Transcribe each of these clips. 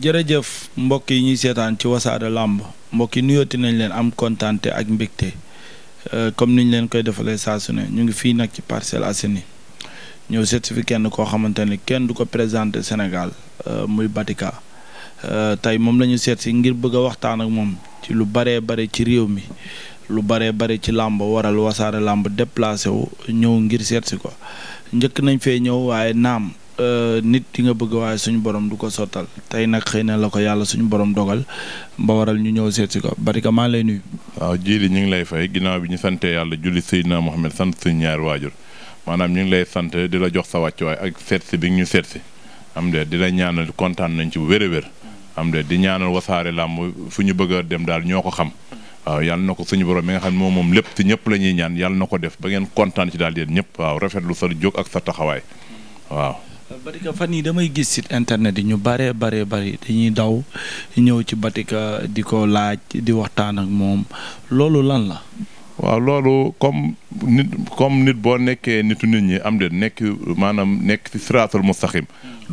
jërëjëf mbokk yi ñuy seetaan ci wasaare làmb mbokk yi nuyooti nañ leen am kontaan ak mbégte euh, comme niñ leen koy defalee saa su ñu ngi fii nag ci parcelle Assainies ñëw seet fi kenn koo xamante ne kenn du ko présenté Sénégal euh, muy Batika euh, tey moom lañu ñu seet si ngir bëgg a waxtaan ak moom ci lu baree bare ci réew mi lu baree bare ci làmb waral wasaare làmb déplacé wu ñëw ngir seet si ko njëkk nañ fee ñëw waaye naam Euh, nit di nga bëgg waaye suñu borom du ko sottal tey nag xëy na la ko yàlla suñu borom dogal ba waral ñu ñëw seet si ko Barika maa lay nuyu. waaw jili ñu ngi lay fay ginnaaw bi ñu santee yàlla julli Seydina Mohamed sant suñu ñaar waajur maanaam ñu ngi lay sant di la jox sa wàccuwaay ak seet si bi ñu seet si am di la ñaanal kontaan nañ ci wér a wér am de di ñaanal wasaare làmb fu ñu bëgg a dem daal ñoo ko xam. waaw yàlla na ko suñu borom mi nga xam ne moom moom lépp si ñëpp la ñuy ñaan yàlla na ko def ba ngeen kontaan ci daal yéen ñëpp waaw rafetlu sa jóg ak sa taxawaay Batika fan yii damay gis site internet yi ñu bare bare bari ñuy daw ñëw ci Batika di ko laaj di waxtaan ak moom loolu lan la. waaw loolu comme nit comme nit boo nekkee nitu nit ñi am déet nekk maanaam nekk ci siraatal mustaqim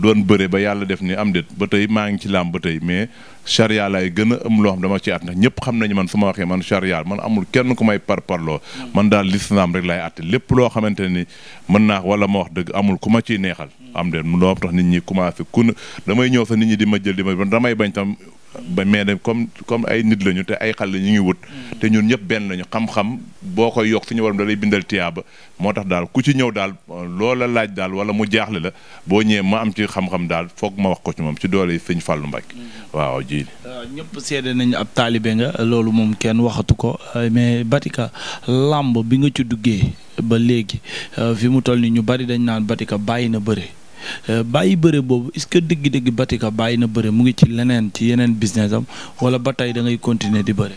doon bëre ba yàlla def ni am déet ba tey maa ngi ci làmb ba tey mais charia laay gën a am loo xam dama ci at ndax ñëpp xam nañu man su ma waxee man charia man amul kenn ku may par parloo hmm. man daal lislaam rek laay atte lépp loo xamante ni mën naa wala ma wax dëgg amul ku ma ciy neexal am de mu doon tax nit ñi commencé ku damay ñëw sax nit ñi di ma jël di ma damay bañ ba mais nag comme comme ay nit lañu te ay xal la ñu ngi wut. Mm. te ñun ñëpp benn lañu xam-xam boo koy yokk suñu borom da lay bindal tiyaaba moo tax daal ku ci ñëw daal loola laaj daal wala mu jaaxle la boo ñëwee ma am ci xam-xam daal foog ma wax ko ci moom ci doole yi sëñ Fallou Mbacké. Mm. waaw ji. Euh, ñëpp seede nañ ab taalibe nga loolu moom kenn waxatu ko euh, mais Batika làmb bi nga ci duggee ba léegi euh, fi mu toll ni ñu bari dañ naan Batika bàyyi na bëre. Euh, bàyyi bëre boobu est-ce que dëgg-dëgg Batika bàyyi na bëre mu ngi ci leneen ci yeneen business am wala ba tey da ngay di bëre.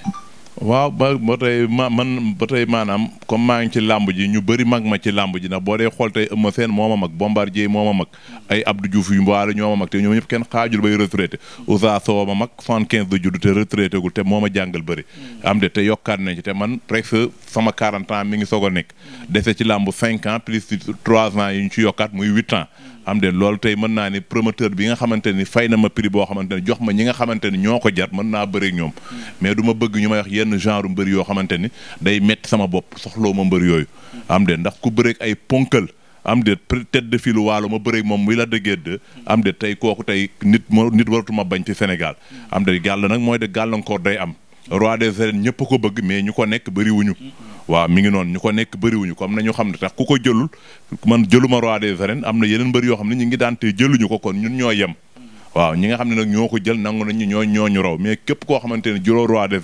waaw ba ba tey man ba tey maanaam comme maa ngi ci làmb ji ñu bëri mag ma ci làmb ji ndax boo dee xool tey Eumeu Sène moo ma mag Bombardier moo ma mag ay Abdou Diouf yu mbaale ñoo ma mag te ñoom ñëpp kenn xaajul bay retraité Ousa Sow ma mag soixante-quinze de judd te retraité te moo a jàngal bëri am de te yokkaat nañ ci te man presque sama 40 ans mi ngi soog a nekk dese ci làmb 5 ans plus 3 ans yi ñu ci yokkaat muy 8 ans am den loolu tey mën naa ni promoteur bi nga xamante ni fay na ma prix boo xamante ne jox ma ñi nga xamante ni ñoo ko jar mën naa bëri ñoom mais du bëgg ñu ma wax yenn genre mbëri yoo xamante ni day metti sama bopp soxloo ma mbëri yooyu am den ndax ku bëreeg ay ponkal am de tête de file waalo ma bëreeg moom muy la dëggee am de tey kooku tey nit moo nit waratuma bañ ci Sénégal am de gàll nag mooy de gàllankoor day am roi des arènes ñëpp ko bëgg mais ñu ko nekk bëriwuñu waaw mi ngi noonu ñu ko nekk bëriwuñu comme nañu xam ne tax ku ko jëlul man jëluma roi des arènes am na yeneen mbër yoo xam ne ñu ngi daan te jëluñu ko kon ñun ñoo yem waaw ñi nga xam ne nag ñoo ko jël nangu nañu ñoo ñoo ñu raw mais képp koo xamante ne juróo roi des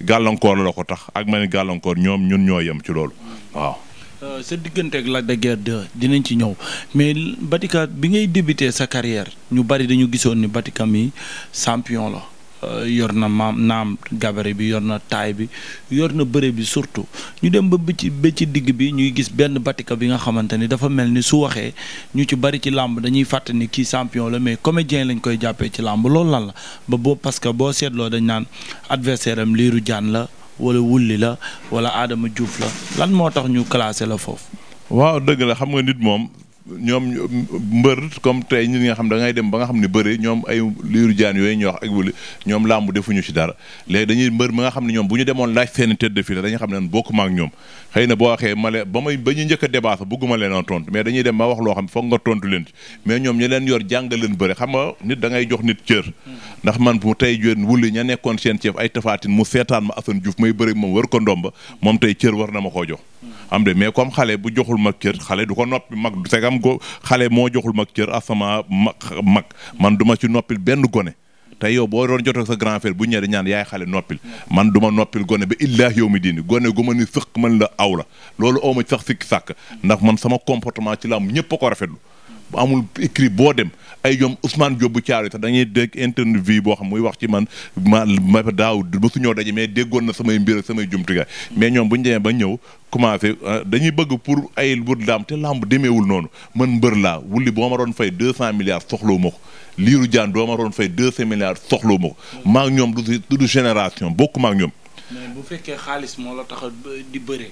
gàllankoor la ko tax ak ma ne gàllankoor ñoom ñun ñoo yem ci loolu waaw euh, sa diggante ak Lac de Guiers dinañ ci ñëw mais Batika bi ngay débuté sa carrière ñu bari dañu gisoon ni Batika mi champion la Euh, yor na maam naam gabari bi yor na taay bi yor na bëre bi surtout ñu dem ba bëcc ba ci digg bi ñuy gis benn batika bi nga xamante ni dafa mel ni su waxee ñu ci bari ci làmb dañuy fàtte ni kii champion la mais comme comédien lañ koy jàppee ci làmb lool lan la ba boo parce que boo seetloo dañ naan adversaire am liiru jaan la wala wulli la wala aadama Diouf la lan moo tax ñu classé la foofu. waaw dëgg la xam nga nit moom ñoom mbër comme tey ñi nga xam da ngay dem ba nga xam ne bëri ñoom ay liiru jaan yooyu ñuy ak wuli ñoom làmb defuñu ci dara léegi dañuy mbër nga xam ne ñoom bu ñu demoon laaj seen tête de file dañuy xam ne bokkuma ak ñoom xëy na boo waxee ma leen ba may ba ñuy njëkk a a tontu mais dañuy yor jàngal leen bëri xam nit da jox nit cër ndax man bu tey jën ña nekkoon seen ceef ay tafaatin mu seetaan ma Assane Diouf may bëri moom war ko ndomba moom tey cër war na ma koo jox am de mais comme xale bu joxul ma cër xale comme go xale moo joxul mag cër asama mag mag man du ma ci noppil benn gone tey yow boo doon jotoo sa grand frère bu ñëwee ñaan yaay xale noppil man du ma noppil gone ba illah yow mi diini gone gu ma ni sëq man la aw la loolu aw ma sax sikki sàkk ndax man sama comportement ci làmb ñëpp a ko rafetlu bu amul écrit boo dem ay ñoom Ousmane Diop bu Thiaroye sax dañuy dégg interview boo xam muy wax ci man ma ma daaw mësuñoo daje mais déggoon na samay mbir ak samay jumtukaay mais ñoom bu ñu demee ba ñëw commencé euh, dañuy bëgg pour ay wut laam te lamb demeewul noonu man mbër laa wulli boo ma doon fay deux cent milliards soxlawu ma ko liiru jaan doo ma doon fay deux cent milliards soxlawu ma ko maag ñoom du du génération bokku maag ñoom fekkee xaalis moo la tax di bëre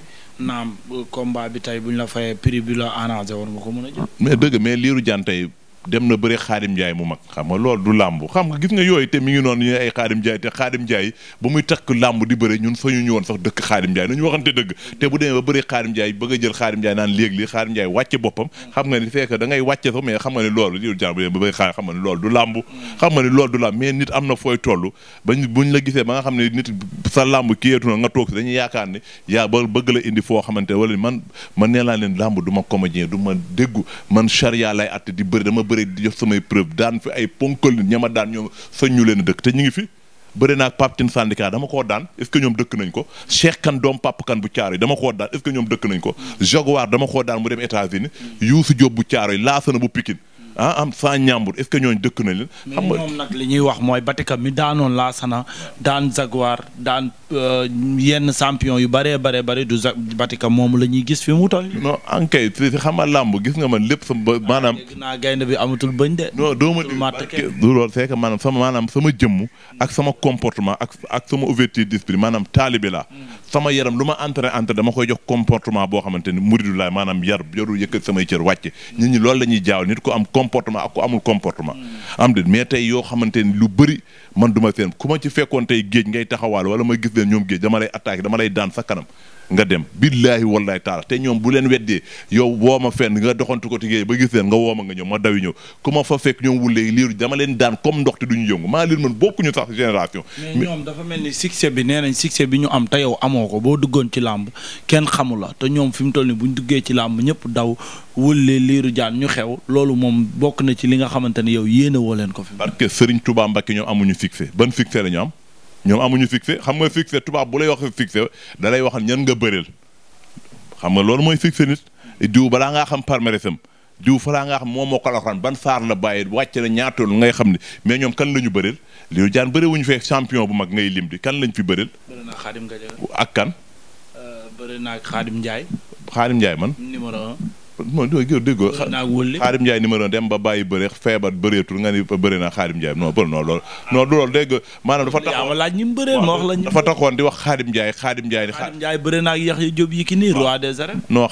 naam combat bi tey bu ñu la fayee prix bi la arrangé war nga ko mën a jël mais dëgg mais liiru jaan tey dem na bëri xaadim Ndiaye mu mag xam nga loolu du làmb xam nga gis nga yooyu te mi ngi noonu ñu ay xaadim Ndiaye te xaadim Ndiaye ba muy takk làmb di bëri ñun fa ñu ñu woon sax dëkk xaadim a jël xaadim Ndiaye naan léeg lii xaadim Ndiaye wàcce boppam xam nga ni fekk xam ne loolu yu jaar ba bëri xaadim xam nga ne loolu du làmb xam nga ne loolu du làmb nit am na fooy toll bañ buñ la gisee ba nga xam ne nit sa làmb kiyeetu na nga toog si dañuy yaakaar ne yaa ba bëgg la indi foo xamante wala man man nee naa leen làmb du ma comédien ma déggu man charia lay att di bëri dama bëri bëri di jox samay preuve daan fi ay ponkal nit ñama daan ñoom sañ ñu leen dëkk te ñu ngi fi bëri naag Pape Tine syndicat dama koo daan est ce que ñoom dëkk nañ ko Cheikh Kan doom Pape Kan bu Caaroy dama koo daan est ce ñoom dëkk nañ ko Jaguar dama koo daan mu dem États-Unis Youssou Diop bu Caaroy laasana bu Pikine ah am saa ñàmbur est-ce que ñooñu dëkk na leen. xam moom nag li ñuy wax mooy Batika mi daanoon Laasana daan Jaguar daan euh, yenn champion yu bare bare bëri du Batika moomu la ñuy gis fi mu toll. non en kay xam nga làmb gis nga man lépp sa maanaam. naa gaynde bi amatul bañ de. non doo ma loolu c'est maanaam sama maanaam sama jëmm ak sama comportement ak ak sama ouverture d'esprit maanaam taalibe la hmm. sama yaram lu ma entre entraîné dama koy jox comportement boo xamante ni muridu laa maanaam yar yarul yëkkat samay cër wàcce hmm. nit ñi loolu la ñuy jaaw nit ko am comportement ak ku amul comportement. am déet mais tey yoo xamante ni lu bëri man duma ma seen ku ma ci fekkoon tey géej ngay taxawaal wala ma gis leen ñoom géej dama lay attaqué dama lay daan sa kanam nga dem billaahi wallaahi taala te ñoom bu leen weddee yow woo ma fenn nga doxantu ko tigéey ba gis leen nga woo ma nga ñëw ma dawi ñëw ku ma fa fekk ñoom wulleegi liiru dama leen daan comme ndox duñu yëngu maa leen mën bokkuñu sax génération mel ni succès bi nee nañ succès bi ñu am te yow amoo ko boo duggoon ci làmb kenn xamu la te ñoom fi mu toll ni buñ duggee ci làmb ñëpp daw wulle liiru jaan ñu xew loolu moom bokk na ci li nga xamante ne yow yéene leen ko fi parce que Serigne Touba Mbacké ñoom amuñu succès ban succès la ñu am ñoom amuñu fig fe xam nga fig fe tubaab bu lay wax fig fe da lay wax nga bëreel xam nga loolu mooy fig fe nit diw balaa ngaa xam parmeresam diw falaa nga xam moom moo ko ban saar la bàyyi wàcc na ñaatoon ngay xam ni mais ñoom kan la ñu bëreel Lirou Diane bëri wuñu fee champion bu mag ngay lim di kan lañ fi bëreel ak kan euh, naa ak Xaadim Njaay Xaadim Njaay man numéro non non gër déggoo xaarim Ndiaye numéro dem ba bàyyi bëre feebar bëreetul nga ni na xaarim Ndiaye non bëri non loolu non du loolu dégg maanaam dafa tax laaj ñi mu bëree ma wax di wax xaarim Ndiaye xaarim Ndiaye xaarim Ndiaye bëri na ak yax yi jóob yi ki nii roi des arènes non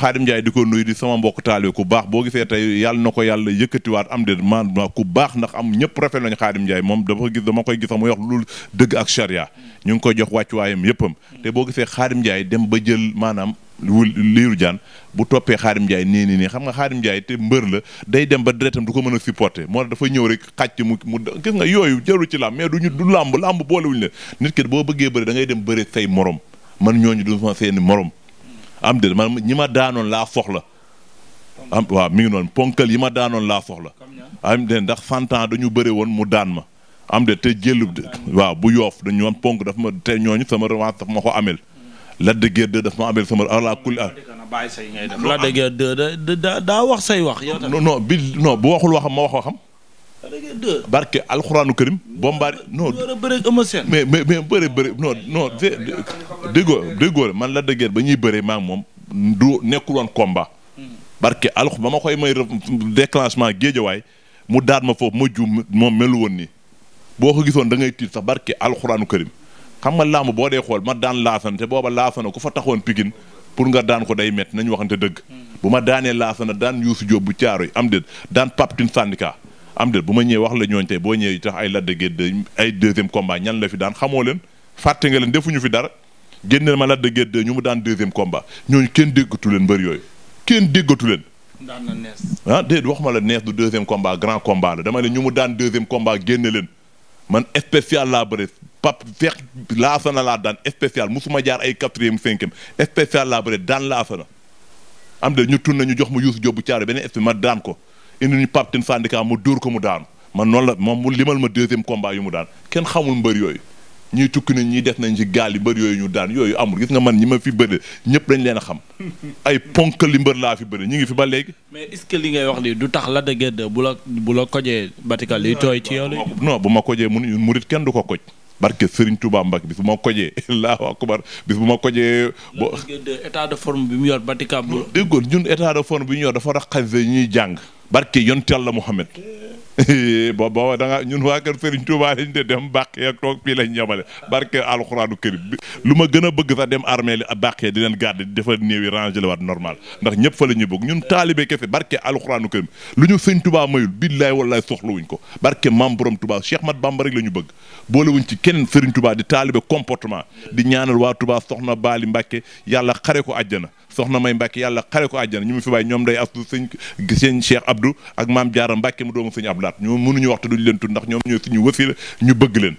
di ko nuy di sama mbokk taale ku baax boo gisee te yàlla na ko yàlla yëkkatiwaat am de maanaam ku baax ndax am ñëpp rafet nañu xaarim Ndiaye moom dafa gis dama koy gis muy wax lu dëgg ak charia ñu ngi koy jox wàccuwaayam yëppam te boo gisee xaarim Ndiaye dem ba jël maanaam wul liiru jaan bu toppee xaarim Ndiaye nii nii nii xam nga xaarim Ndiaye te mbër la day dem ba deretam du ko mën a supporter moo tax dafa ñëw rek xàcc mu mu gis yooyu jarul ci làmb mais du ñu du làmb làmb boolewuñu la nit ki boo bëggee bëri dangay dem bëri say morom man ñooñu du ma seeni morom. am déet man ñi ma daanoon laa soxla. am waaw mi ngi noonu ponkal yi ma daanoon laa soxla. am déet ndax santan dañu bëri woon mu daan ma. am déet te waaw bu yoof dañu am ponk daf ma te ñooñu sama revanche daf ma ko ameel Lac de Guiers 2 daf ma amel sama ala kulli al. Lac de Guiers daa wax say wax. yow tamit non bi non bu waxul waxam ma wax waxam. Lac de Guiers 2. barke alxuraanu karim. bombaari non mais mais mais bëre bëre non non déggoo déggoo man Lac de ba ñuy bëree maa moom du nekkul woon combat. barke alx ba ma koy may déclenchement géejawaay mu daat ma foofu ma melu woon nii boo ko gisoon da ngay tiit sax barke alxuraanu karim. xam nga làmb boo dee xool ma daan laasana te booba laasana ku fa taxoon Pikine pour nga daan ko day métti nañu waxante dëgg hmm. bu ma daanee laasana daan Youssou Diop bu Caaroy am déet daan Pape Tine syndicat am déet bu ma ñëwee wax la ñooñ tey boo ñëwee tax ay Lac de Guiers ay deuxième combat ñan la fi daan xamoo leen fàtte nga leen ñu fi dara génneel ma Lac de Guiers ñu mu daan deuxième combat ñooñu kenn déggatu leen mbër yooyu kenn déggatu leen ah déet waxuma la nees du deuxième combat grand combat la dama ne ñu mu daan deuxième combat génne leen man spécial laa bëre pap feex laasana laa daan spécial musuma jaar ay quatrième cinquième spécial laa bëre daan laasana am de ñu tourné ñu jox ma yuusu jóbbu caare beneen spé ma daan ko indi ñu Pape Tine syndicat mu dóor ko mu daanu ma noonu la moom mu limal ma deuxième combat yu mu daan kenn xamul mbër yooyu ñuy tukki nañ ñuy def nañ ci gaal yi mbër yooyu ñu daan yooyu amul gis nga man ñi ma fi bëri ñëpp dañ leen a xam ay ponk li mbër laa fi bëri ñu ngi fi ba léegi mais est que li ngay wax ni du tax la dëgg de bu la bu la kojee batikal li tooy ci yow non bu ma kojee mun murit kenn du ko koj barke Serigne Touba Mbacke bis bu ma kojee Allahu akbar bis bu ma kojee. bo état de forme bi mu yor batikam. déggoon ñun état de forme bi ñu yor dafa raxas ñuy jàng. barke yonent Yàlla Muhammad booba booba da ñun waa kër Serigne Touba lañ de dem bàq ak toog fii lañ yemale barke alxuraanu kërim lu ma gën a bëgg sax dem armée li bàq di leen garder di defar néew yi rangé la waat normal ndax ñëpp fa la ñuy bëgg ñun taalibe kefe barke alxuraanu kërim lu ñu Serigne Touba mayul billaay wallaay soxlawuñ ko barke maam borom Touba Cheikh Mat Bamba rek la ñu bëgg boolewuñ ci kenn Serigne tubaa di taalibe comportement di ñaanal waa Touba soxna Baali Mbàkke yàlla xare ko àjjana soxna may Mbàkke yàlla xare ko àjjana ñu mu fi ñoom day astu sëñ ak maam Jaara Mbàkke mu doomu daat ñoom mënuñu waxtu duñ leen tudd ndax ñoom ñoo fi ñu wëfil ñu bëgg leen